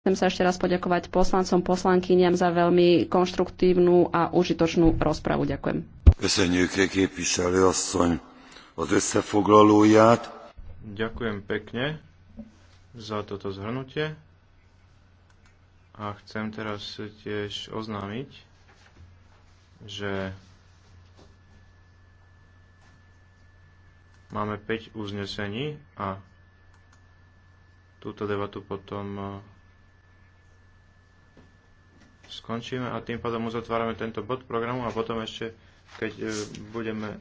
Chcem sa ešte raz poďakovať poslancom, poslankyniam za veľmi konštruktívnu a užitočnú rozpravu. Ďakujem. Ďakujem pekne za toto zhrnutie. A chcem teraz tiež oznámiť, že máme 5 uznesení a túto debatu potom skončíme a tým pádom uzatvárame tento bod programu a potom ešte, keď e, budeme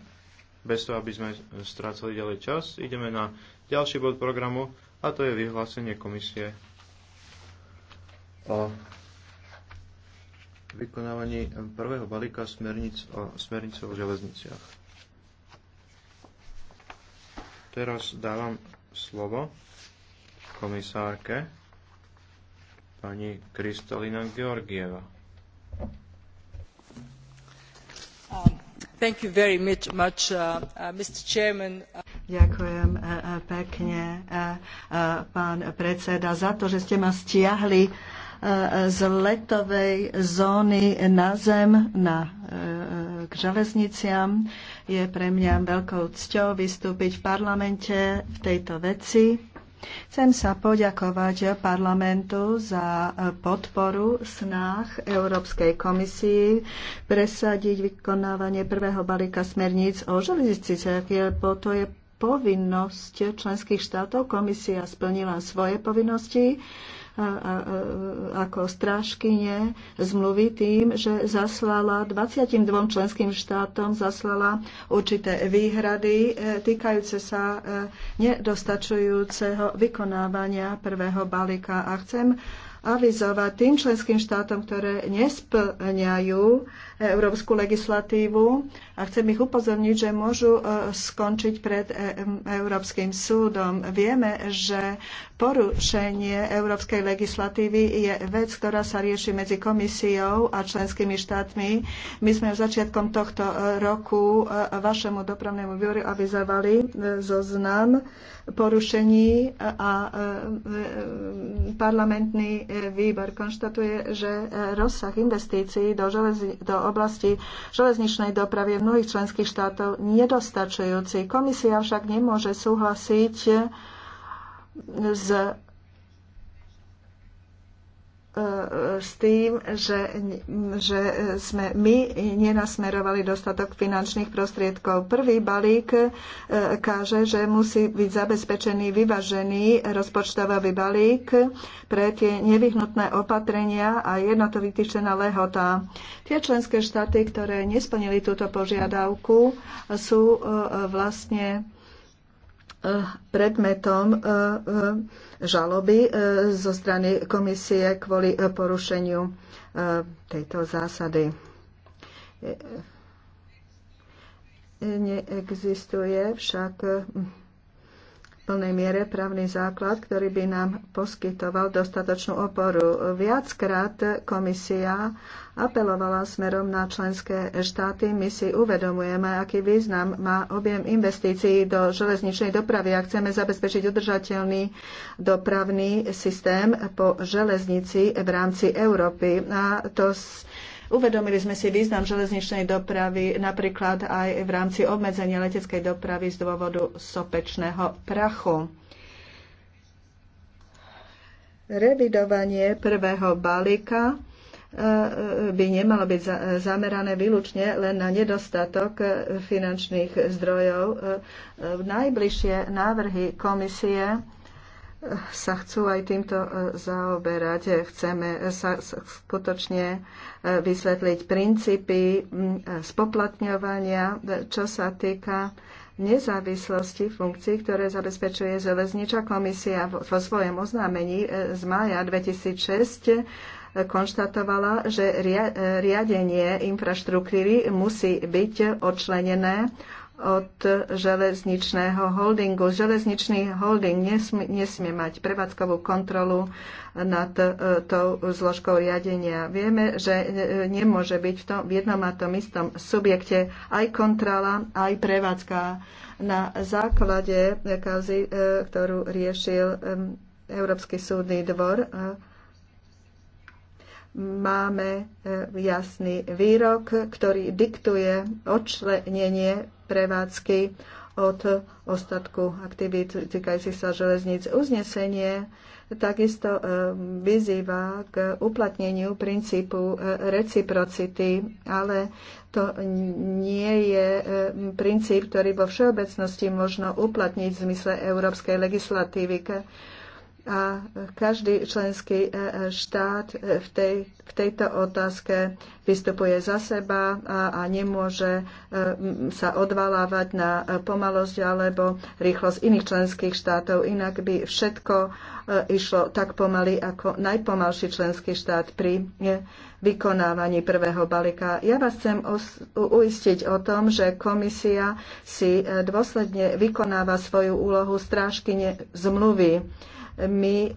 bez toho, aby sme strácali ďalej čas, ideme na ďalší bod programu a to je vyhlásenie komisie o vykonávaní prvého balíka smernic o, smernice o železniciach. Teraz dávam slovo komisárke pani Kristalina Georgieva. Um, thank you very much, much uh, uh, Mr. Chairman. Uh... Ďakujem uh, pekne, uh, uh, pán predseda, za to, že ste ma stiahli z letovej zóny na zem, na, k železniciam. Je pre mňa veľkou cťou vystúpiť v parlamente v tejto veci Chcem sa poďakovať parlamentu za e, podporu snách Európskej komisii presadiť vykonávanie prvého balíka smerníc o železnici, lebo to je povinnosť členských štátov. Komisia splnila svoje povinnosti ako strážkyne zmluvy tým, že zaslala 22 členským štátom zaslala určité výhrady e, týkajúce sa e, nedostačujúceho vykonávania prvého balíka. A chcem avizovať tým členským štátom, ktoré nesplňajú európsku legislatívu a chcem ich upozorniť, že môžu e, skončiť pred e, Európskym súdom. Vieme, že porušenie európskej legislatívy je vec, ktorá sa rieši medzi komisiou a členskými štátmi. My sme v začiatkom tohto e, roku vašemu dopravnému výboru avizovali zoznam porušení a parlamentný výbor konštatuje, že rozsah investícií do, želez- do oblasti železničnej dopravy v mnohých členských štátov nedostačujúci. Komisia však nemôže súhlasiť s E, s tým, že, že sme my nenasmerovali dostatok finančných prostriedkov. Prvý balík e, káže, že musí byť zabezpečený vyvažený rozpočtový balík pre tie nevyhnutné opatrenia a jednoto vytýčená lehota. Tie členské štáty, ktoré nesplnili túto požiadavku, sú e, vlastne predmetom e, e, žaloby e, zo strany komisie kvôli porušeniu tejto zásady. Neexistuje však plnej miere právny základ, ktorý by nám poskytoval dostatočnú oporu. Viackrát komisia apelovala smerom na členské štáty. My si uvedomujeme, aký význam má objem investícií do železničnej dopravy a chceme zabezpečiť udržateľný dopravný systém po železnici v rámci Európy. A to s Uvedomili sme si význam železničnej dopravy napríklad aj v rámci obmedzenia leteckej dopravy z dôvodu sopečného prachu. Revidovanie prvého balíka e, e, by nemalo byť zamerané výlučne len na nedostatok finančných zdrojov. E, najbližšie návrhy komisie sa chcú aj týmto e, zaoberať. Chceme sa skutočne e, vysvetliť princípy e, spoplatňovania, čo sa týka nezávislosti funkcií, ktoré zabezpečuje železničná komisia vo svojom oznámení z mája 2006 konštatovala, že riadenie infraštruktúry musí byť odčlenené od železničného holdingu. Železničný holding nesmie, nesmie mať prevádzkovú kontrolu nad e, tou zložkou riadenia. Vieme, že e, nemôže byť v, tom, v jednom a tom istom subjekte aj kontrola, aj prevádzka. Na základe kauzy, e, ktorú riešil Európsky súdny dvor, máme e, jasný výrok, ktorý diktuje odčlenenie prevádzky od ostatku aktivít týkajúcich sa železníc. Uznesenie takisto e, vyzýva k uplatneniu princípu e, reciprocity, ale to nie je princíp, ktorý vo všeobecnosti možno uplatniť v zmysle európskej legislatívy a každý členský e, e, štát e, v, tej, v tejto otázke vystupuje za seba a, a nemôže sa odvalávať na pomalosť alebo rýchlosť iných členských štátov. Inak by všetko išlo tak pomaly ako najpomalší členský štát pri vykonávaní prvého balíka. Ja vás chcem uistiť o tom, že komisia si dôsledne vykonáva svoju úlohu strážkyne zmluvy my e,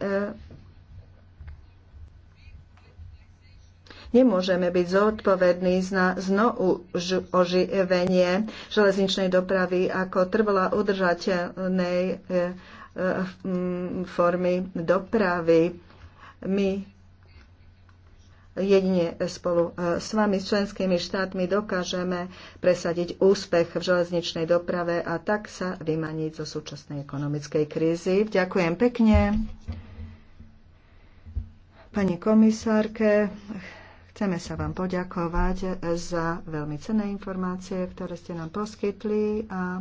nemôžeme byť zodpovední za znovu oživenie železničnej dopravy ako trvalo udržateľnej e, e, formy dopravy. My Jedine spolu e, s vami, s členskými štátmi, dokážeme presadiť úspech v železničnej doprave a tak sa vymaniť zo súčasnej ekonomickej krízy. Ďakujem pekne. Pani komisárke, chceme sa vám poďakovať za veľmi cenné informácie, ktoré ste nám poskytli a e,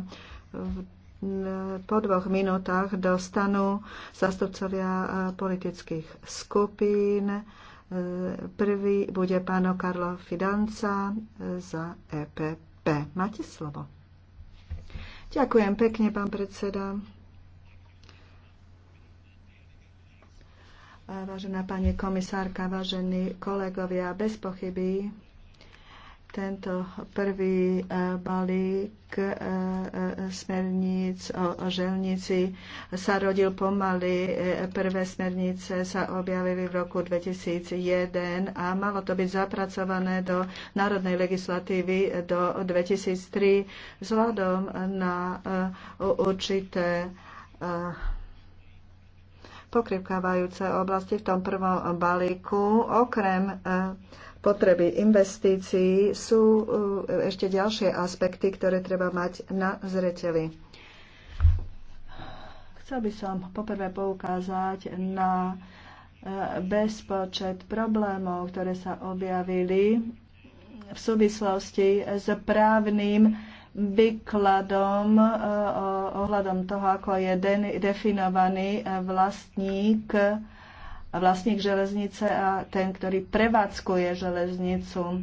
po dvoch minútach dostanú zastupcovia e, politických skupín Prvý bude páno Karlo Fidanca za EPP. Máte slovo. Ďakujem pekne, pán predseda. Vážená pani komisárka, vážení kolegovia, bez pochyby tento prvý e, balík e, e, smerníc o želnici sa rodil pomaly. Prvé smernice sa objavili v roku 2001 a malo to byť zapracované do národnej legislatívy do 2003 vzhľadom na určité pokrypkávajúce oblasti v tom prvom balíku. Okrem potreby investícií sú e, ešte ďalšie aspekty, ktoré treba mať na zreteli. Chcel by som poprvé poukázať na e, bezpočet problémov, ktoré sa objavili v súvislosti s právnym výkladom e, ohľadom toho, ako je definovaný vlastník vlastník železnice a ten, ktorý prevádzkuje železnicu.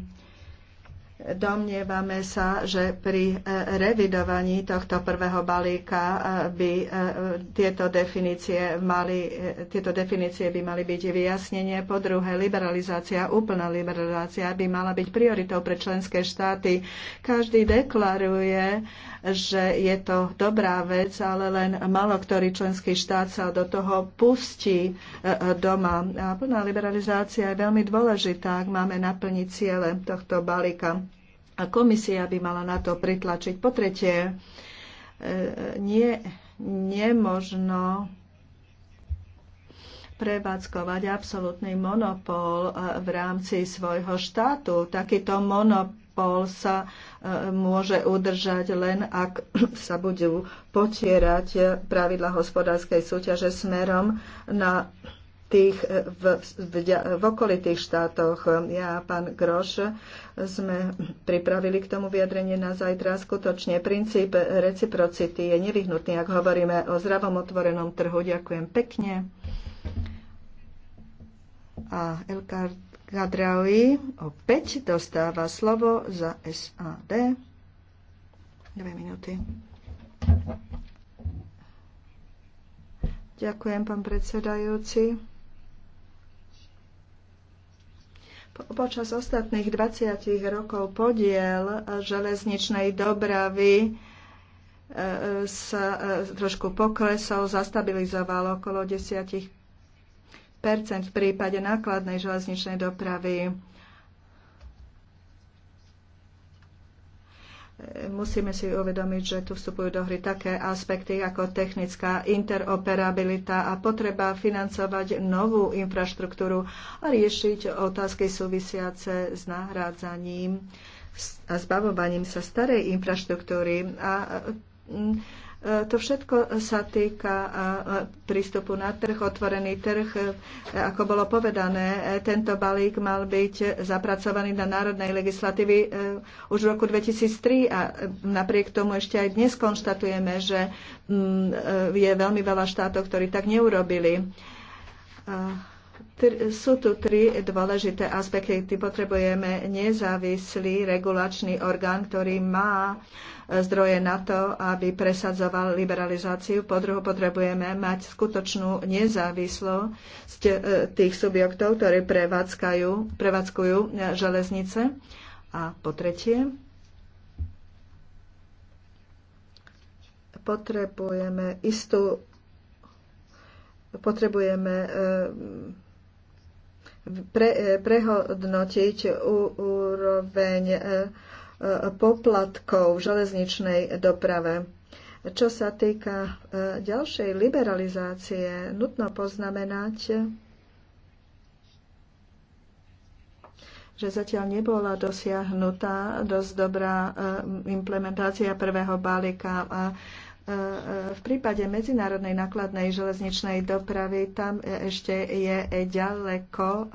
Domnievame sa, že pri e, revidovaní tohto prvého balíka e, by e, tieto definície, mali, tieto definície by mali byť vyjasnenie. Po druhé, liberalizácia, úplná liberalizácia by mala byť prioritou pre členské štáty. Každý deklaruje, že je to dobrá vec, ale len malo ktorý členský štát sa do toho pustí doma. A plná liberalizácia je veľmi dôležitá, ak máme naplniť ciele tohto balíka a komisia by mala na to pritlačiť. Po tretie, e, nie, nemožno prevádzkovať absolútny monopol e, v rámci svojho štátu. Takýto monopol sa e, môže udržať len, ak sa budú potierať pravidla hospodárskej súťaže smerom na tých, e, v, v, v okolitých štátoch. Ja a pán Groš sme pripravili k tomu vyjadrenie na zajtra. Skutočne princíp reciprocity je nevyhnutný, ak hovoríme o zdravom otvorenom trhu. Ďakujem pekne. A Elkar Gadraui opäť dostáva slovo za SAD. Dve minúty. Ďakujem, pán predsedajúci. Počas ostatných 20 rokov podiel železničnej dopravy e, sa e, trošku poklesol, zastabilizoval okolo 10 v prípade nákladnej železničnej dopravy. musíme si uvedomiť, že tu vstupujú do hry také aspekty ako technická interoperabilita a potreba financovať novú infraštruktúru a riešiť otázky súvisiace s nahrádzaním a zbavovaním sa starej infraštruktúry. A mm, to všetko sa týka e, prístupu na trh, otvorený trh. E, ako bolo povedané, e, tento balík mal byť zapracovaný na národnej legislatívy už v roku 2003 a napriek tomu ešte aj dnes konštatujeme, že mm, je veľmi veľa štátov, ktorí tak neurobili sú tu tri dôležité aspekty. Potrebujeme nezávislý regulačný orgán, ktorý má zdroje na to, aby presadzoval liberalizáciu. Po druhu, potrebujeme mať skutočnú nezávislosť e, tých subjektov, ktorí prevádzkajú, prevádzkujú e, železnice. A po tretie, potrebujeme istú potrebujeme e, pre, prehodnotiť úroveň poplatkov v železničnej doprave. Čo sa týka e, ďalšej liberalizácie, nutno poznamenať, že zatiaľ nebola dosiahnutá dosť dobrá e, implementácia prvého balíka a v prípade medzinárodnej nákladnej železničnej dopravy tam ešte je ďaleko e,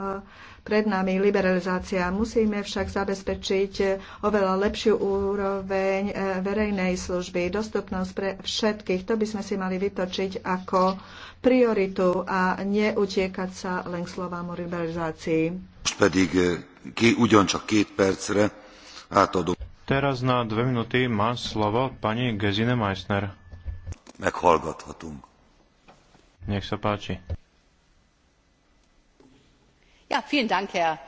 pred nami liberalizácia. Musíme však zabezpečiť e, oveľa lepšiu úroveň e, verejnej služby, dostupnosť pre všetkých. To by sme si mali vytočiť ako prioritu a neutiekať sa len slovám o liberalizácii. Teraz na dve minúty má slovo pani Gezine Meissner meghallgathatunk. Nech sa páči. Ja, vielen Dank, Herr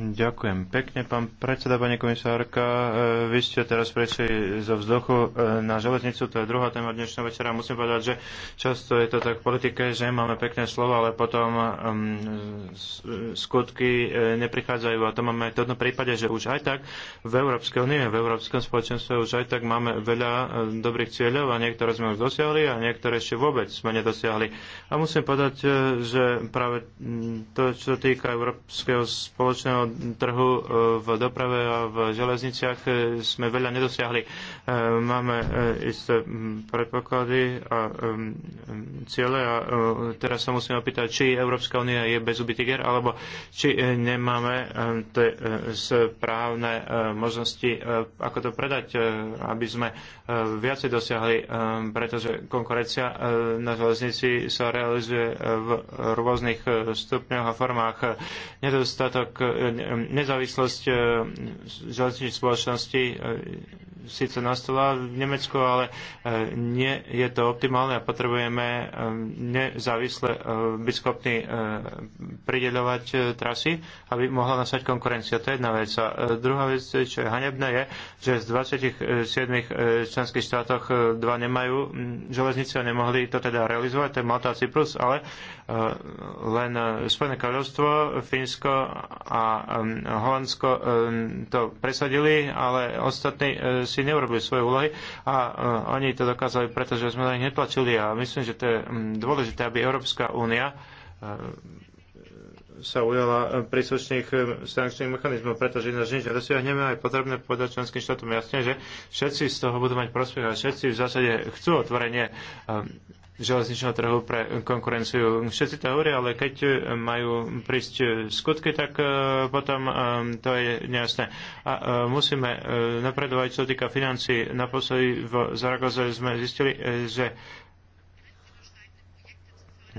Ďakujem pekne, pán predseda, pani komisárka. E, vy ste teraz prešli zo vzduchu e, na železnicu, to je druhá téma dnešného večera. Musím povedať, že často je to tak v politike, že máme pekné slova, ale potom um, skutky neprichádzajú. A to máme aj v tomto prípade, že už aj tak v Európskej únie, v Európskom spoločenstve už aj tak máme veľa dobrých cieľov a niektoré sme už dosiahli a niektoré ešte vôbec sme nedosiahli. A musím povedať, že práve to, čo týka Európskeho spoločenstva, spoločného trhu e, v doprave a v železniciach e, sme veľa nedosiahli. E, máme isté predpoklady a ciele a teraz sa musíme opýtať, či Európska únia je bezubý tiger, alebo či nemáme tie správne možnosti, ako to predať, aby sme viacej dosiahli, pretože konkurencia na železnici sa realizuje v rôznych stupňoch a formách. Nedostatok E, nezávislosť e, železničnej spoločnosti e, síce na stole v Nemecku, ale e, nie je to optimálne a potrebujeme e, nezávisle e, byť schopní prideľovať trasy, aby mohla nasať konkurencia. To je jedna vec. A druhá vec, čo je hanebné, je, že z 27 členských štátoch dva nemajú železnice a nemohli to teda realizovať, to je Malta a Cyprus, ale len Spojené kráľovstvo, Fínsko a Holandsko to presadili, ale ostatní si neurobili svoje úlohy a eh, oni to dokázali, pretože sme na nich netlačili a myslím, že to je mm, dôležité, aby Európska únia eh, sa ujala eh, príslušných eh, sankčných mechanizmov, pretože ináč nič nedosiahneme aj potrebné povedať členským štátom jasne, že všetci z toho budú mať prospech a všetci v zásade chcú otvorenie eh, železničného trhu pre konkurenciu. Všetci to hovoria, ale keď majú prísť skutky, tak potom to je nejasné. A musíme napredovať, čo týka financí. Naposledy v Zaragoze sme zistili, že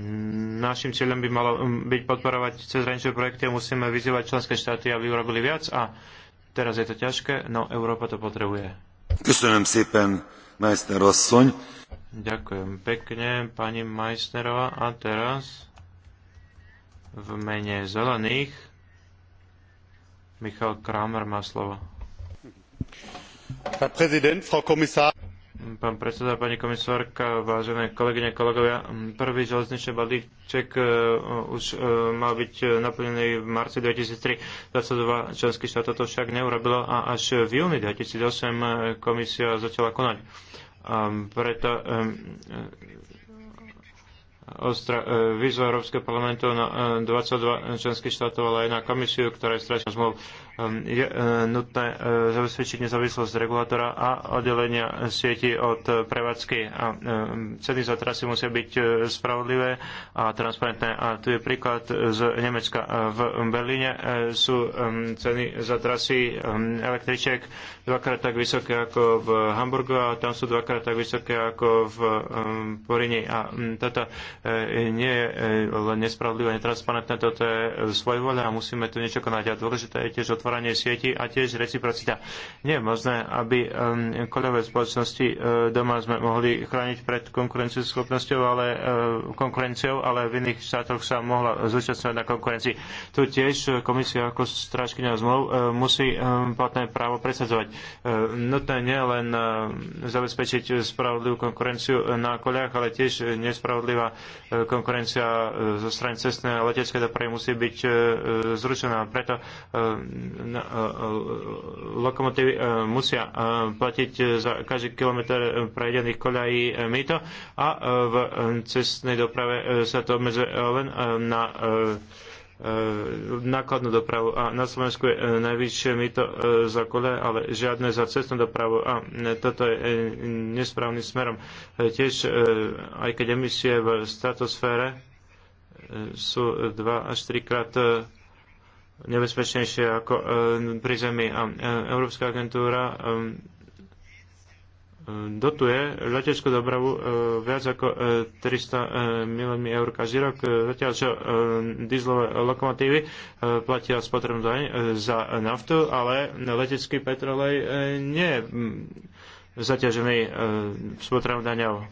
Našim cieľom by malo um, byť podporovať cezhraničné projekty a musíme vyzývať členské štáty, aby urobili viac a teraz je to ťažké, no Európa to potrebuje. Köszönöm szépen, Meissner asszony. Ďakujem pekne, pani Majsnerová. A teraz v mene zelených Michal Kramer má slovo. Herr Präsident, Frau Kommissar pán predseda, pani komisárka, vážené kolegyne, kolegovia. Prvý železničný balíček e, už e, mal byť naplnený v marci 2003. 22 členských štátov to však neurobilo a až v júni 2008 e, komisia začala konať. A preto ostra, e, výzva Európskeho parlamentu na 22 e, členských štátov, ale aj na komisiu, ktorá je strašná zmluv. Ehm, je e, nutné zabezpečiť nezávislosť regulátora a oddelenia sieti od prevádzky. A ehm, ceny za trasy musia byť spravodlivé a transparentné. A tu je príklad z Nemecka. V Berlíne sú ehm, ceny za trasy električiek dvakrát tak vysoké ako v Hamburgu a tam sú dvakrát tak vysoké ako v Porini. A táto E, nie je len nespravodlivé, netransparentné, toto je e, svojvoľa a musíme tu niečo konať. A dôležité je tiež otváranie sieti a tiež reciprocita. Nie je možné, aby koľové spoločnosti e, doma sme mohli chrániť pred konkurencieschopnosťou, ale konkurenciou, ale v iných štátoch sa mohla zúčastňovať na konkurencii. Tu tiež komisia ako strážkynia zmluv musí platné právo presadzovať. Nutné nie len zabezpečiť spravodlivú konkurenciu na koľách, ale tiež nespravodlivá E, konkurencia e, zo strany cestnej a leteckej dopravy musí byť e, zrušená. Preto lokomotívy musia platiť za každý kilometr prejdených koľají mýto a v cestnej doprave sa to obmedzuje len na E, nákladnú dopravu a na Slovensku je e, najvyššie mýto e, za kole, ale žiadne za cestnú dopravu a toto je nesprávnym smerom. Tiež, aj keď emisie v stratosfére sú 2 až 3 krát nebezpečnejšie ako pri Zemi. A Európska agentúra dotuje leteckú dopravu e, viac ako 300 e, e, miliónmi eur každý rok, zatiaľ čo dizlové lokomotívy platia spotrebnú daň za naftu, ale letecký petrolej nie je zaťažený spotrebnou daňou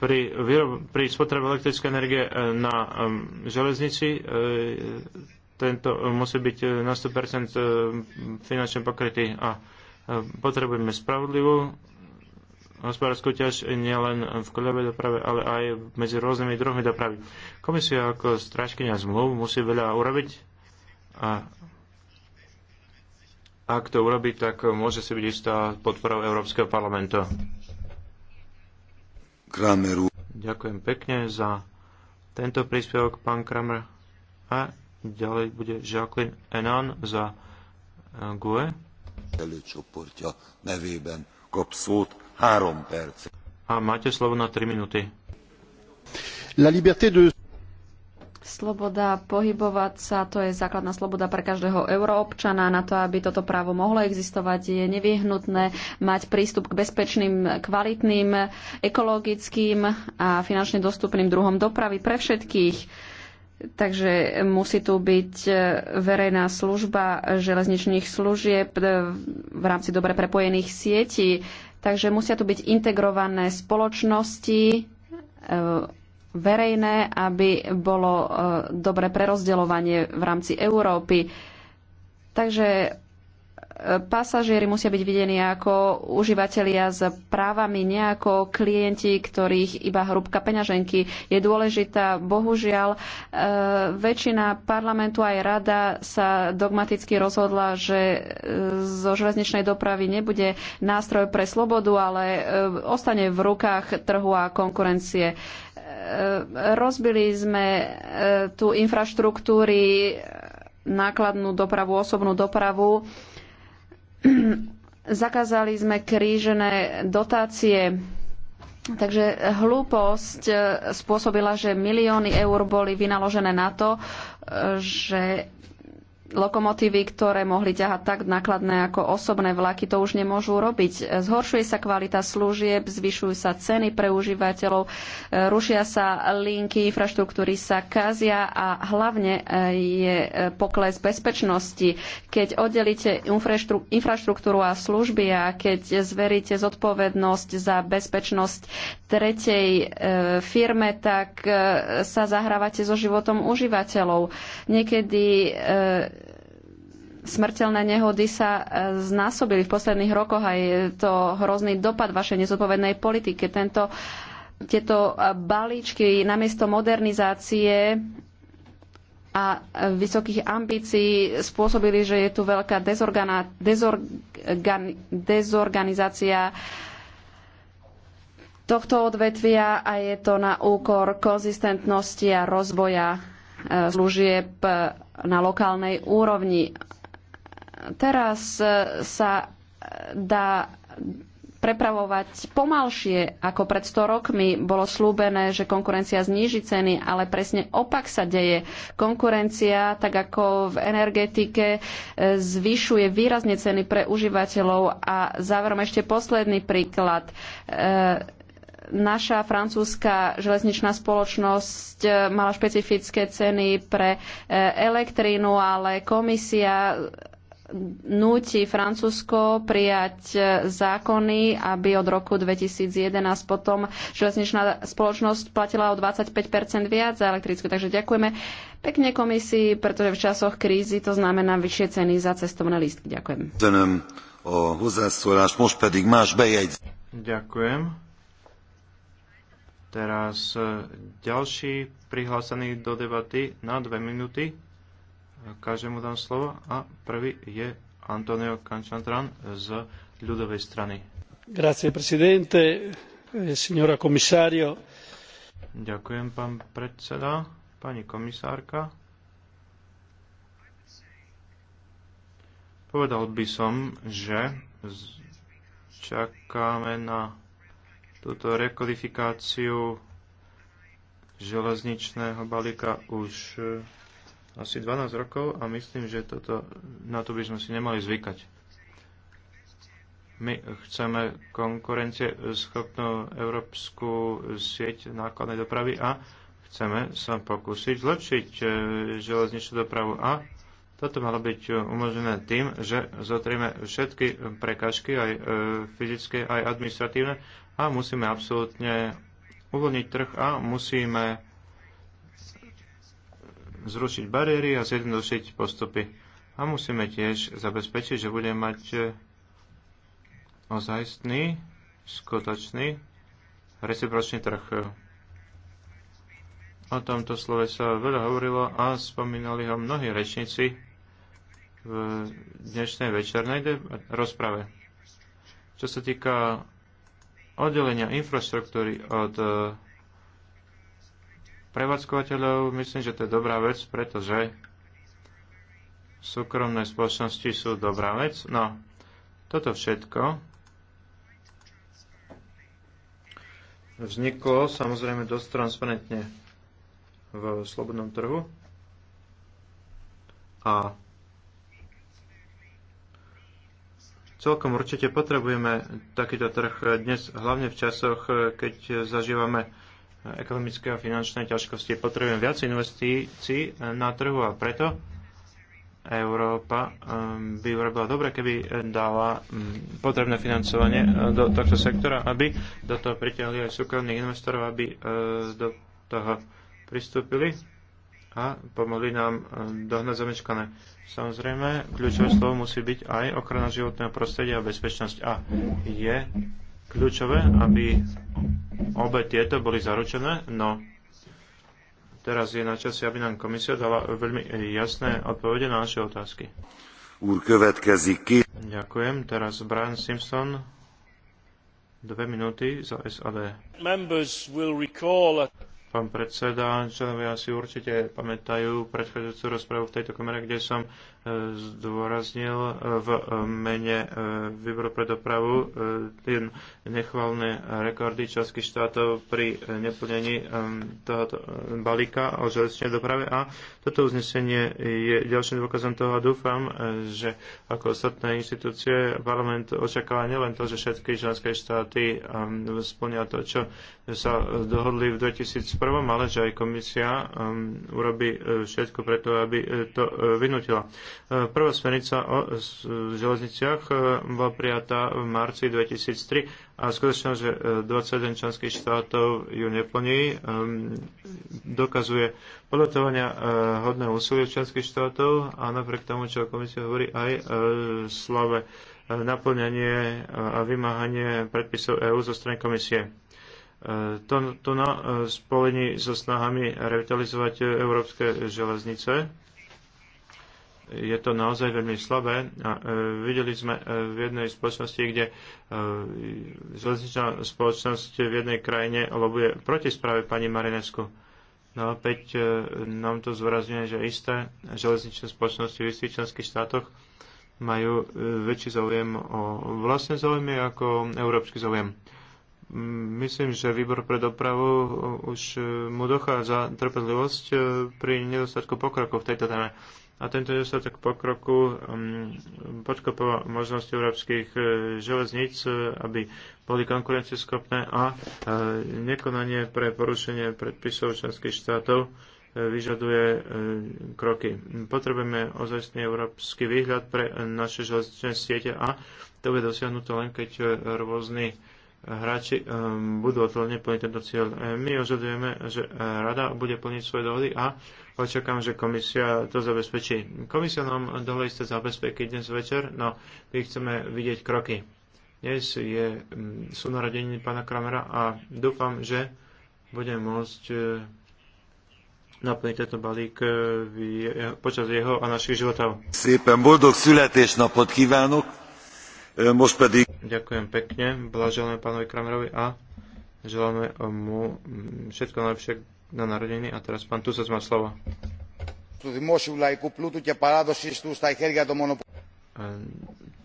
pri, výrob, pri spotrebe elektrické energie na železnici tento e, musí byť e, na 100% e, finančne pokrytý a potrebujeme spravodlivú hospodárskú ťaž nielen v koľovej doprave, ale aj medzi rôznymi druhmi dopravy. Komisia ako strážkynia zmluv musí veľa urobiť a ak to urobí, tak môže si byť istá podporou Európskeho parlamentu. Krameru. Ďakujem pekne za tento príspevok, pán Kramer. A Ďalej bude Jacqueline Enan za eh, GoE. Előcsoportja nevében kap szót három perc. A máte slovo na 3 minúty. La liberté de Sloboda pohybovať sa, to je základná sloboda pre každého euroobčana. Na to, aby toto právo mohlo existovať, je nevyhnutné mať prístup k bezpečným, kvalitným, ekologickým a finančne dostupným druhom dopravy pre všetkých Takže musí tu byť e, verejná služba železničných služieb e, v rámci dobre prepojených sietí. Takže musia tu byť integrované spoločnosti e, verejné, aby bolo dobre prerozdeľovanie v rámci Európy. Takže pasažieri musia byť videní ako užívateľia s právami, nejako klienti, ktorých iba hrubka peňaženky je dôležitá. Bohužiaľ, e, väčšina parlamentu aj rada sa dogmaticky rozhodla, že e, zo železničnej dopravy nebude nástroj pre slobodu, ale e, ostane v rukách trhu a konkurencie rozbili sme tu infraštruktúry, nákladnú dopravu, osobnú dopravu Zakázali sme krížené dotácie. Takže hlúposť e, spôsobila, že milióny eur boli vynaložené na to, e, že lokomotívy, ktoré mohli ťahať tak nákladné ako osobné vlaky, to už nemôžu robiť. Zhoršuje sa kvalita služieb, zvyšujú sa ceny pre užívateľov, e, rušia sa linky, infraštruktúry sa kazia a hlavne e, je e, pokles bezpečnosti. Keď oddelíte infraštruktúru a služby a keď zveríte zodpovednosť za bezpečnosť tretej firme, tak sa zahrávate so životom užívateľov. Niekedy Smrteľné nehody sa e, znásobili v posledných rokoch a je to hrozný dopad vašej nezodpovednej politiky. Tento, tieto e, balíčky namiesto modernizácie a e, vysokých ambícií spôsobili, že je tu veľká dezorgana, dezorgan, dezorganizácia tohto odvetvia a je to na úkor konzistentnosti a rozvoja služieb na lokálnej úrovni. Teraz e, sa e, dá prepravovať pomalšie ako pred 100 rokmi. Bolo slúbené, že konkurencia zníži ceny, ale presne opak sa deje. Konkurencia, tak ako v energetike, e, zvyšuje výrazne ceny pre užívateľov. A záverom ešte posledný príklad. Naša francúzska železničná spoločnosť mala špecifické ceny pre elektrínu, ale komisia núti Francúzsko prijať zákony, aby od roku 2011 potom železničná spoločnosť platila o 25 viac za elektrickú. Takže ďakujeme pekne komisii, pretože v časoch krízy to znamená vyššie ceny za cestovné lístky. Ďakujem. Ďakujem. Teraz eh, ďalší prihlásený do debaty na dve minúty. Každému dám slovo a prvý je Antonio Kančantran z ľudovej strany. Grazie, presidente, eh, signora komisario. Ďakujem, pán predseda, pani komisárka. Povedal by som, že čakáme na túto rekodifikáciu železničného balíka už eh, asi 12 rokov a myslím, že toto, na to by sme si nemali zvykať. My chceme konkurencieschopnú európsku sieť nákladnej dopravy a chceme sa pokúsiť zlepšiť e, železničnú dopravu a toto malo byť umožnené tým, že zotrieme všetky prekažky, aj e, fyzické, aj administratívne a musíme absolútne uvoľniť trh a musíme zrušiť bariéry a zjednodušiť postupy. A musíme tiež zabezpečiť, že budeme mať e, ozajstný, skutočný, recipročný trh. O tomto slove sa veľa hovorilo a spomínali ho mnohí rečníci v dnešnej večernej rozprave. Čo sa týka oddelenia infraštruktúry od e, prevádzkovateľov, myslím, že to je dobrá vec, pretože súkromné spoločnosti sú dobrá vec. No, toto všetko vzniklo samozrejme dosť transparentne v slobodnom trhu a celkom určite potrebujeme takýto trh dnes, hlavne v časoch, keď zažívame ekonomické a finančné ťažkosti. Potrebujem viac investícií na trhu a preto Európa um, by urobila dobre, keby eh, dala mm, potrebné financovanie eh, do tohto sektora, aby do toho pritiahli aj súkromných investorov, aby eh, do toho pristúpili a pomohli nám dohnať zamečkané. Samozrejme, kľúčové slovo musí byť aj ochrana životného prostredia a bezpečnosť. A je kľúčové, aby obe tieto boli zaručené, no teraz je na čase, aby nám komisia dala veľmi jasné odpovede na naše otázky. Ďakujem. Teraz Brian Simpson. Dve minúty za SAD. Members will recall pán predseda. Členovia si určite pamätajú predchádzajúcu rozpravu v tejto komere, kde som e, zdôraznil e, v e, mene výboru pre dopravu tie nechvalné rekordy členských štátov pri neplnení tohoto balíka o železničnej doprave a toto uznesenie je ďalším dôkazom toho a dúfam, že ako ostatné inštitúcie parlament očakáva nielen to, že všetky členské štáty splnia to, čo sa e, dohodli v 2001, ale že aj komisia e, urobí e, všetko preto, aby to vynutila. Prvá smernica o železniciach bola prijatá v marci 2003 a skutočne, že 21 členských štátov ju neplní, dokazuje uh, hodné úsilie členských štátov a napriek tomu, čo komisia hovorí, aj slave naplňanie a vymáhanie predpisov EÚ zo strany komisie to, to na e, spolení so snahami revitalizovať európske železnice. Je to naozaj veľmi slabé. A, e, videli sme e, v jednej spoločnosti, kde železničná spoločnosť v jednej krajine lobuje proti správe pani Marinesku. No opäť nám to zvorazňuje, že isté železničné spoločnosti v istých členských štátoch majú väčší záujem o vlastné záujmy ako európsky záujem. Myslím, že výbor pre dopravu e, už e, mu dochádza trpezlivosť e, pri nedostatku pokroku v tejto téme. A tento nedostatok pokroku mm, podkopoval možnosti európskych železníc, aby boli konkurencieschopné a nekonanie pre porušenie predpisov členských štátov vyžaduje kroky. Potrebujeme ozajstný európsky výhľad pre naše železničné siete a to bude dosiahnuté len keď rôzny hráči um, budú odhodlane plniť tento cieľ. Ehm, my ožadujeme, že ehm, rada bude plniť svoje dohody a očakám, že komisia to zabezpečí. Komisia nám dohle isté zabezpečí dnes večer, no my chceme vidieť kroky. Dnes je, um, sú narodeniny pána Kramera a dúfam, že bude môcť uh, naplniť tento balík uh, počas jeho a našich životov. Szépen boldog születésnapot kívánok, most pedig Ďakujem pekne, blaželáme pánovi Kramerovi a želáme mu všetko najlepšie na narodení. A teraz pán Tusas má slovo.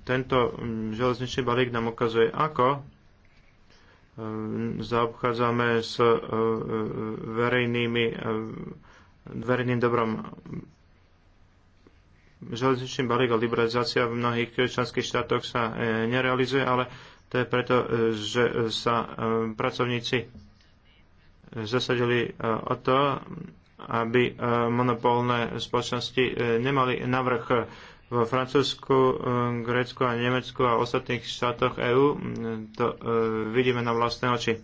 Tento hm, železničný balík nám ukazuje, ako hm, zaobchádzame s hm, verejnými, verejným dobrom železničný balík a liberalizácia v mnohých členských štátoch sa e, nerealizuje, ale to je preto, e, že sa e, pracovníci zasadili o to, aby monopolné spoločnosti nemali navrh vo Francúzsku, Grécku a Nemecku a ostatných štátoch EÚ. To vidíme na vlastné oči.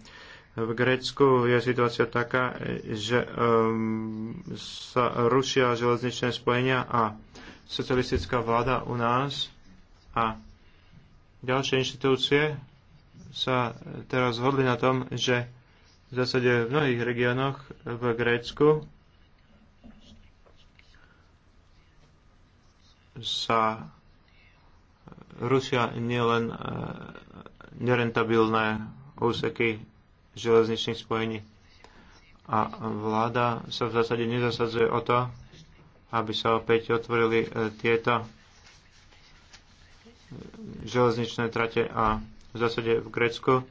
V Grécku je situácia taká, že sa rušia železničné spojenia a socialistická vláda u nás a ďalšie inštitúcie sa teraz zhodli na tom, že v zásade v mnohých regiónoch v Grécku sa Rusia nielen e, nerentabilné úseky železničných spojení. A vláda sa v zásade nezasadzuje o to, aby sa opäť otvorili e, tieto e, železničné trate a v zásade v Grécku e,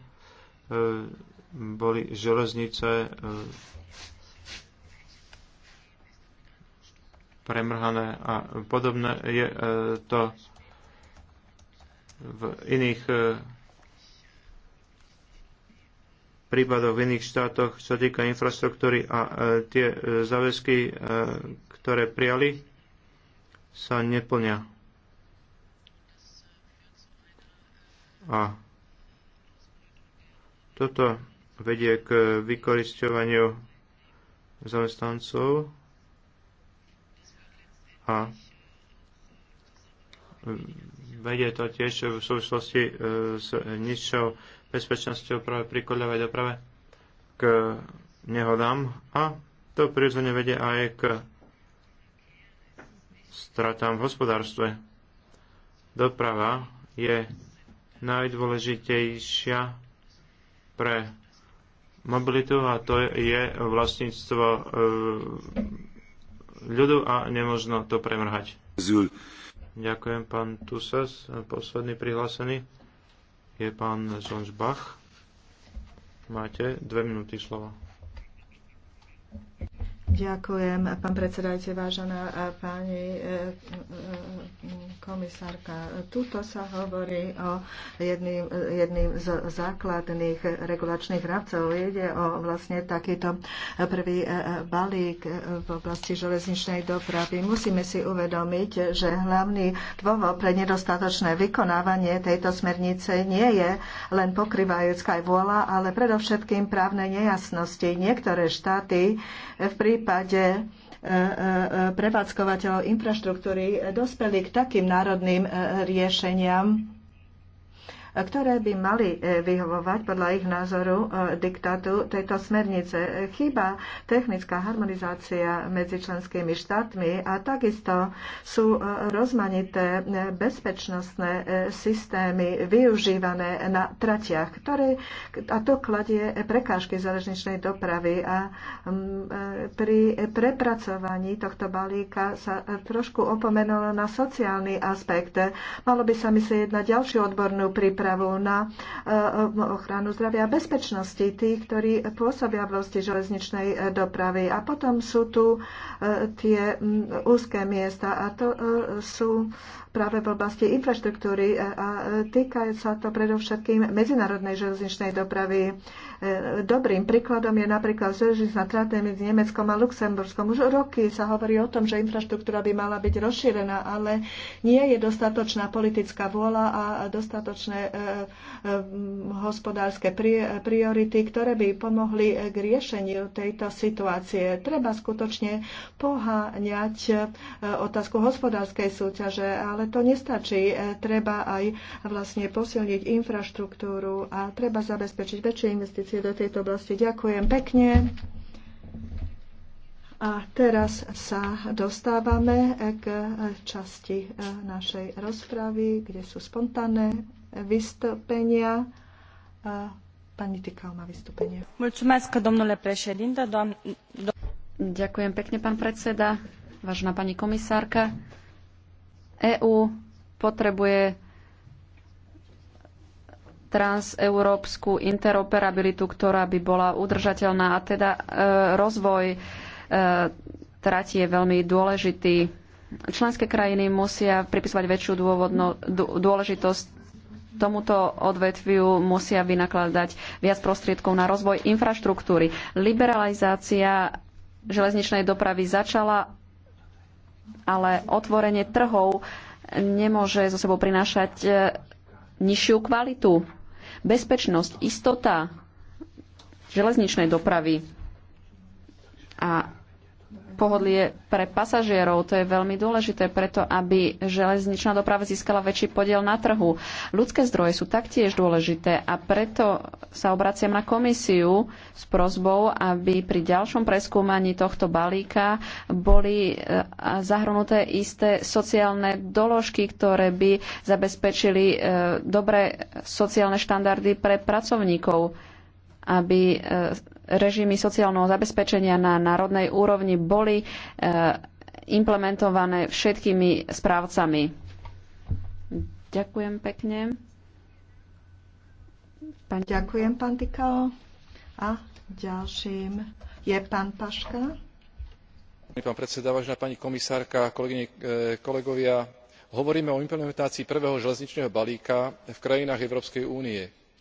boli železnice premrhané a podobné je to v iných prípadoch v iných štátoch, čo týka infraštruktúry a tie záväzky, ktoré prijali, sa neplňa. A toto vedie k vykoristovaniu zamestnancov a vedie to tiež v súvislosti e, s nižšou bezpečnosťou práve pri koľavej doprave k nehodám a to prirodzene vedie aj k stratám v hospodárstve. Doprava je najdôležitejšia pre mobilitu a to je vlastníctvo eh, ľudu a nemožno to premrhať. Zul. Ďakujem pán Tusas. Posledný prihlásený je pán Zonžbach. Máte dve minúty slova. Ďakujem, pán predsedajte, vážená pani e, e, komisárka. Tuto sa hovorí o jedným, jedným z základných regulačných rámcov. Ide o vlastne takýto prvý e, balík v oblasti železničnej dopravy. Musíme si uvedomiť, že hlavný dôvod pre nedostatočné vykonávanie tejto smernice nie je len pokrývajúcká vôľa, ale predovšetkým právne nejasnosti. Niektoré štáty v prípade prípade e, e, e, prevádzkovateľov infraštruktúry dospeli k takým národným riešeniam, ktoré by mali e, vyhovovať podľa ich názoru e, diktátu tejto smernice. Chýba technická harmonizácia medzi členskými štátmi a takisto sú e, rozmanité bezpečnostné systémy využívané na tratiach, ktoré, a to kladie prekážky železničnej dopravy a pri prepracovaní tohto balíka sa trošku opomenulo na sociálny aspekt. Malo by sa mi na ďalšiu odbornú pripravu prípravu na eh, eh, ochranu zdravia a bezpečnosti tých, ktorí pôsobia v oblasti železničnej eh, dopravy. A potom sú tu tie mm, úzké miesta a to sú práve v oblasti infraštruktúry e, a e, týka sa to predovšetkým medzinárodnej železničnej dopravy. E, dobrým príkladom je napríklad železničná trata medzi Nemeckom a Luxemburskom. Už roky sa hovorí o tom, že infraštruktúra by mala byť rozšírená, ale nie je dostatočná politická vôľa a dostatočné hospodárske priority, ktoré by pomohli k riešeniu tejto situácie. Treba skutočne poháňať otázku hospodárskej súťaže, ale to nestačí. E, treba aj vlastne posilniť infraštruktúru a treba zabezpečiť väčšie investície do tejto oblasti. Ďakujem pekne. A teraz sa dostávame k časti e, našej rozpravy, kde sú spontánne vystúpenia. E, pani Tikal má vystúpenie. Ďakujem pekne, pán predseda, vážená pani komisárka. EÚ potrebuje transeurópsku interoperabilitu, ktorá by bola udržateľná a teda e, rozvoj e, trati je veľmi dôležitý. Členské krajiny musia pripisovať väčšiu dôvodno, dôležitosť tomuto odvetviu musia vynakladať viac prostriedkov na rozvoj infraštruktúry. Liberalizácia železničnej dopravy začala ale otvorenie trhov nemôže zo sebou prinášať e, nižšiu kvalitu. Bezpečnosť, istota železničnej dopravy a pohodlie pre pasažierov. To je veľmi dôležité preto, aby železničná doprava získala väčší podiel na trhu. Ľudské zdroje sú taktiež dôležité a preto sa obraciam na komisiu s prozbou, aby pri ďalšom preskúmaní tohto balíka boli e, zahrnuté isté sociálne doložky, ktoré by zabezpečili e, dobré sociálne štandardy pre pracovníkov aby e, režimy sociálneho zabezpečenia na národnej úrovni boli e, implementované všetkými správcami. Ďakujem pekne. Pani... Ďakujem, pán Tykalo. A ďalším je pán Paška. Pán predseda, vážená pani komisárka, kolegyne, e, kolegovia, hovoríme o implementácii prvého železničného balíka v krajinách Európskej únie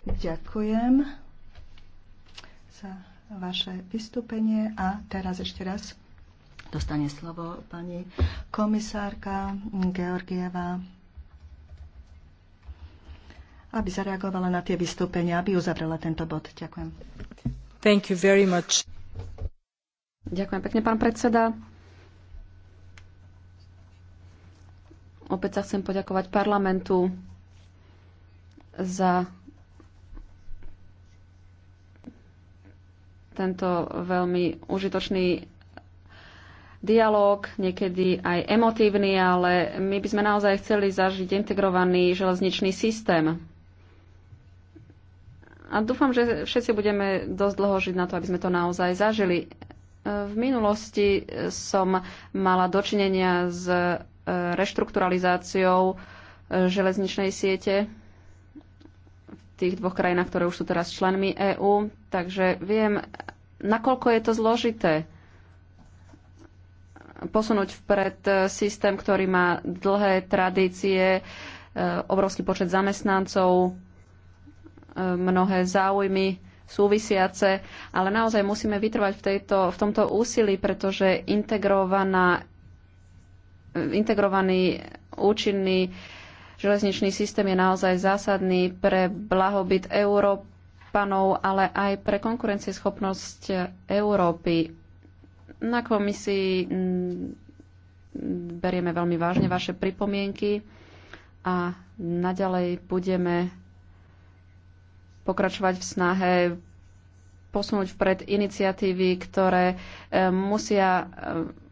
Ďakujem za vaše vystúpenie a teraz ešte raz dostane slovo pani komisárka Georgieva aby zareagovala na tie vystúpenia, aby uzavrela tento bod. Ďakujem. Thank you very much. Ďakujem pekne, pán predseda. Opäť sa chcem poďakovať parlamentu za tento veľmi užitočný dialog, niekedy aj emotívny, ale my by sme naozaj chceli zažiť integrovaný železničný systém. A dúfam, že všetci budeme dosť dlho žiť na to, aby sme to naozaj zažili. V minulosti som mala dočinenia s e, reštrukturalizáciou e, železničnej siete tých dvoch krajinách, ktoré už sú teraz členmi EÚ. Takže viem, nakoľko je to zložité posunúť vpred e, systém, ktorý má dlhé tradície, e, obrovský počet zamestnancov, e, mnohé záujmy súvisiace, ale naozaj musíme vytrvať v, tejto, v tomto úsilí, pretože integrovaná, integrovaný účinný Železničný systém je naozaj zásadný pre blahobyt Európanov, ale aj pre konkurencieschopnosť Európy. Na komisii mm, berieme veľmi vážne vaše pripomienky a naďalej budeme pokračovať v snahe posunúť vpred iniciatívy, ktoré eh, musia eh,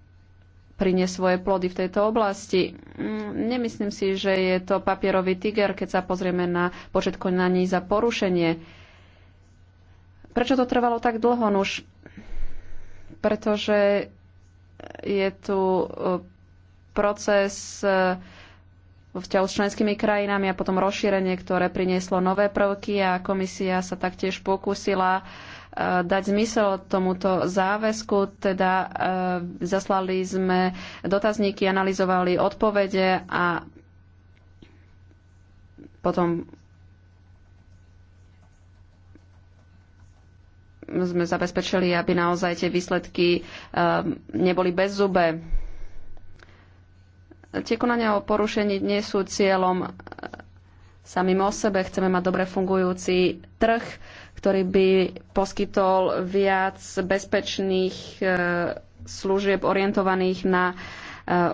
prinie svoje plody v tejto oblasti. Mm, nemyslím si, že je to papierový tiger, keď sa pozrieme na počet konaní za porušenie. Prečo to trvalo tak dlho? Nuž, no pretože je tu e, proces vo e, vzťahu s členskými krajinami a potom rozšírenie, ktoré prinieslo nové prvky a komisia sa taktiež pokúsila uh, E, dať zmysel tomuto záväzku. Teda e, zaslali sme dotazníky, analyzovali odpovede a potom sme zabezpečili, aby naozaj tie výsledky e, neboli bez zube. Tie konania o porušení nie sú cieľom samým o sebe. Chceme mať dobre fungujúci trh ktorý by poskytol viac bezpečných e, služieb orientovaných na e,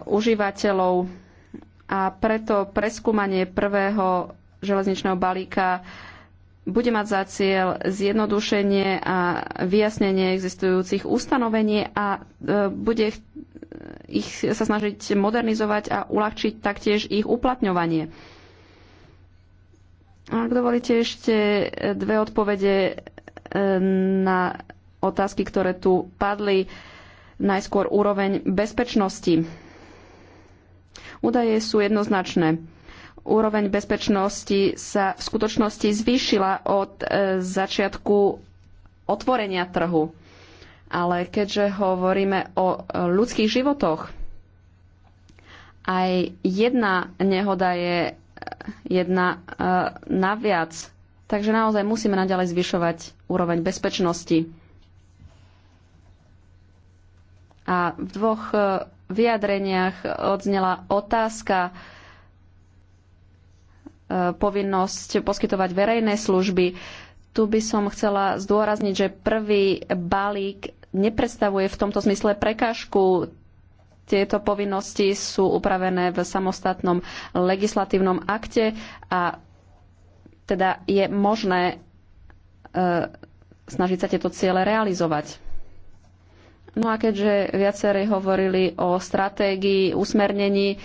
užívateľov. A preto preskúmanie prvého železničného balíka bude mať za cieľ zjednodušenie a vyjasnenie existujúcich ustanovení a e, bude ich sa snažiť modernizovať a uľahčiť taktiež ich uplatňovanie. Ak dovolíte ešte e, dve odpovede e, na otázky, ktoré tu padli. Najskôr úroveň bezpečnosti. Údaje sú jednoznačné. Úroveň bezpečnosti sa v skutočnosti zvýšila od e, začiatku otvorenia trhu. Ale keďže hovoríme o ľudských životoch, aj jedna nehoda je jedna e, naviac. Takže naozaj musíme naďalej zvyšovať úroveň bezpečnosti. A v dvoch e, vyjadreniach odznela otázka e, povinnosť poskytovať verejné služby. Tu by som chcela zdôrazniť, že prvý balík nepredstavuje v tomto zmysle prekážku tieto povinnosti sú upravené v samostatnom legislatívnom akte a teda je možné e, snažiť sa tieto ciele realizovať. No a keďže viacerí hovorili o stratégii, usmernení,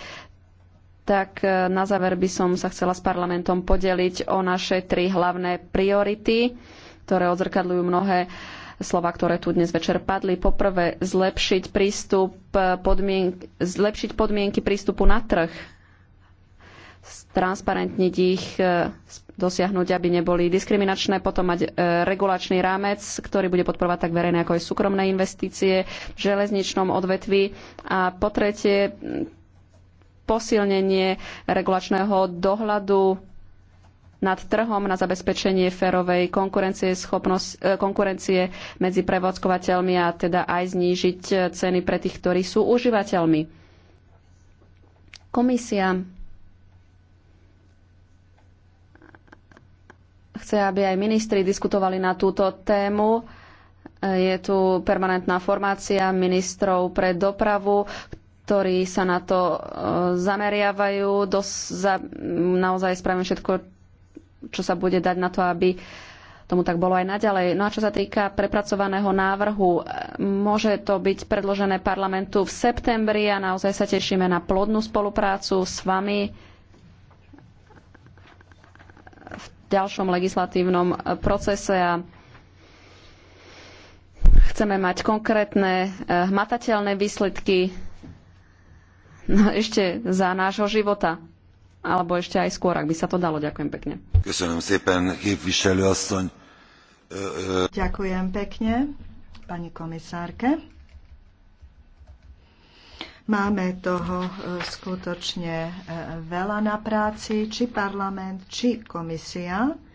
tak e, na záver by som sa chcela s parlamentom podeliť o naše tri hlavné priority, ktoré odzrkadľujú mnohé slova, ktoré tu dnes večer padli. Poprvé, zlepšiť, prístup, eh, podmien- zlepšiť podmienky prístupu na trh, transparentniť ich, eh, dosiahnuť, aby neboli diskriminačné, potom mať eh, regulačný rámec, ktorý bude podporovať tak verejné ako aj súkromné investície v železničnom odvetvi a po tretie mm, posilnenie regulačného dohľadu nad trhom na zabezpečenie férovej konkurencie, schopnosť, e, konkurencie medzi prevádzkovateľmi a teda aj znížiť e, ceny pre tých, ktorí sú užívateľmi. Komisia chce, aby aj ministri diskutovali na túto tému. Je tu permanentná formácia ministrov pre dopravu, ktorí sa na to e, zameriavajú, dos- za- naozaj spravím všetko, čo sa bude dať na to, aby tomu tak bolo aj naďalej. No a čo sa týka prepracovaného návrhu, e, môže to byť predložené parlamentu v septembri a naozaj sa tešíme na plodnú spoluprácu s vami v ďalšom legislatívnom e, procese a chceme mať konkrétne e, hmatateľné výsledky no, ešte za nášho života alebo ešte aj skôr, ak by sa to dalo. Ďakujem pekne. Ďakujem pekne pani komisárke. Máme toho e, skutočne e, veľa na práci, či parlament, či komisia.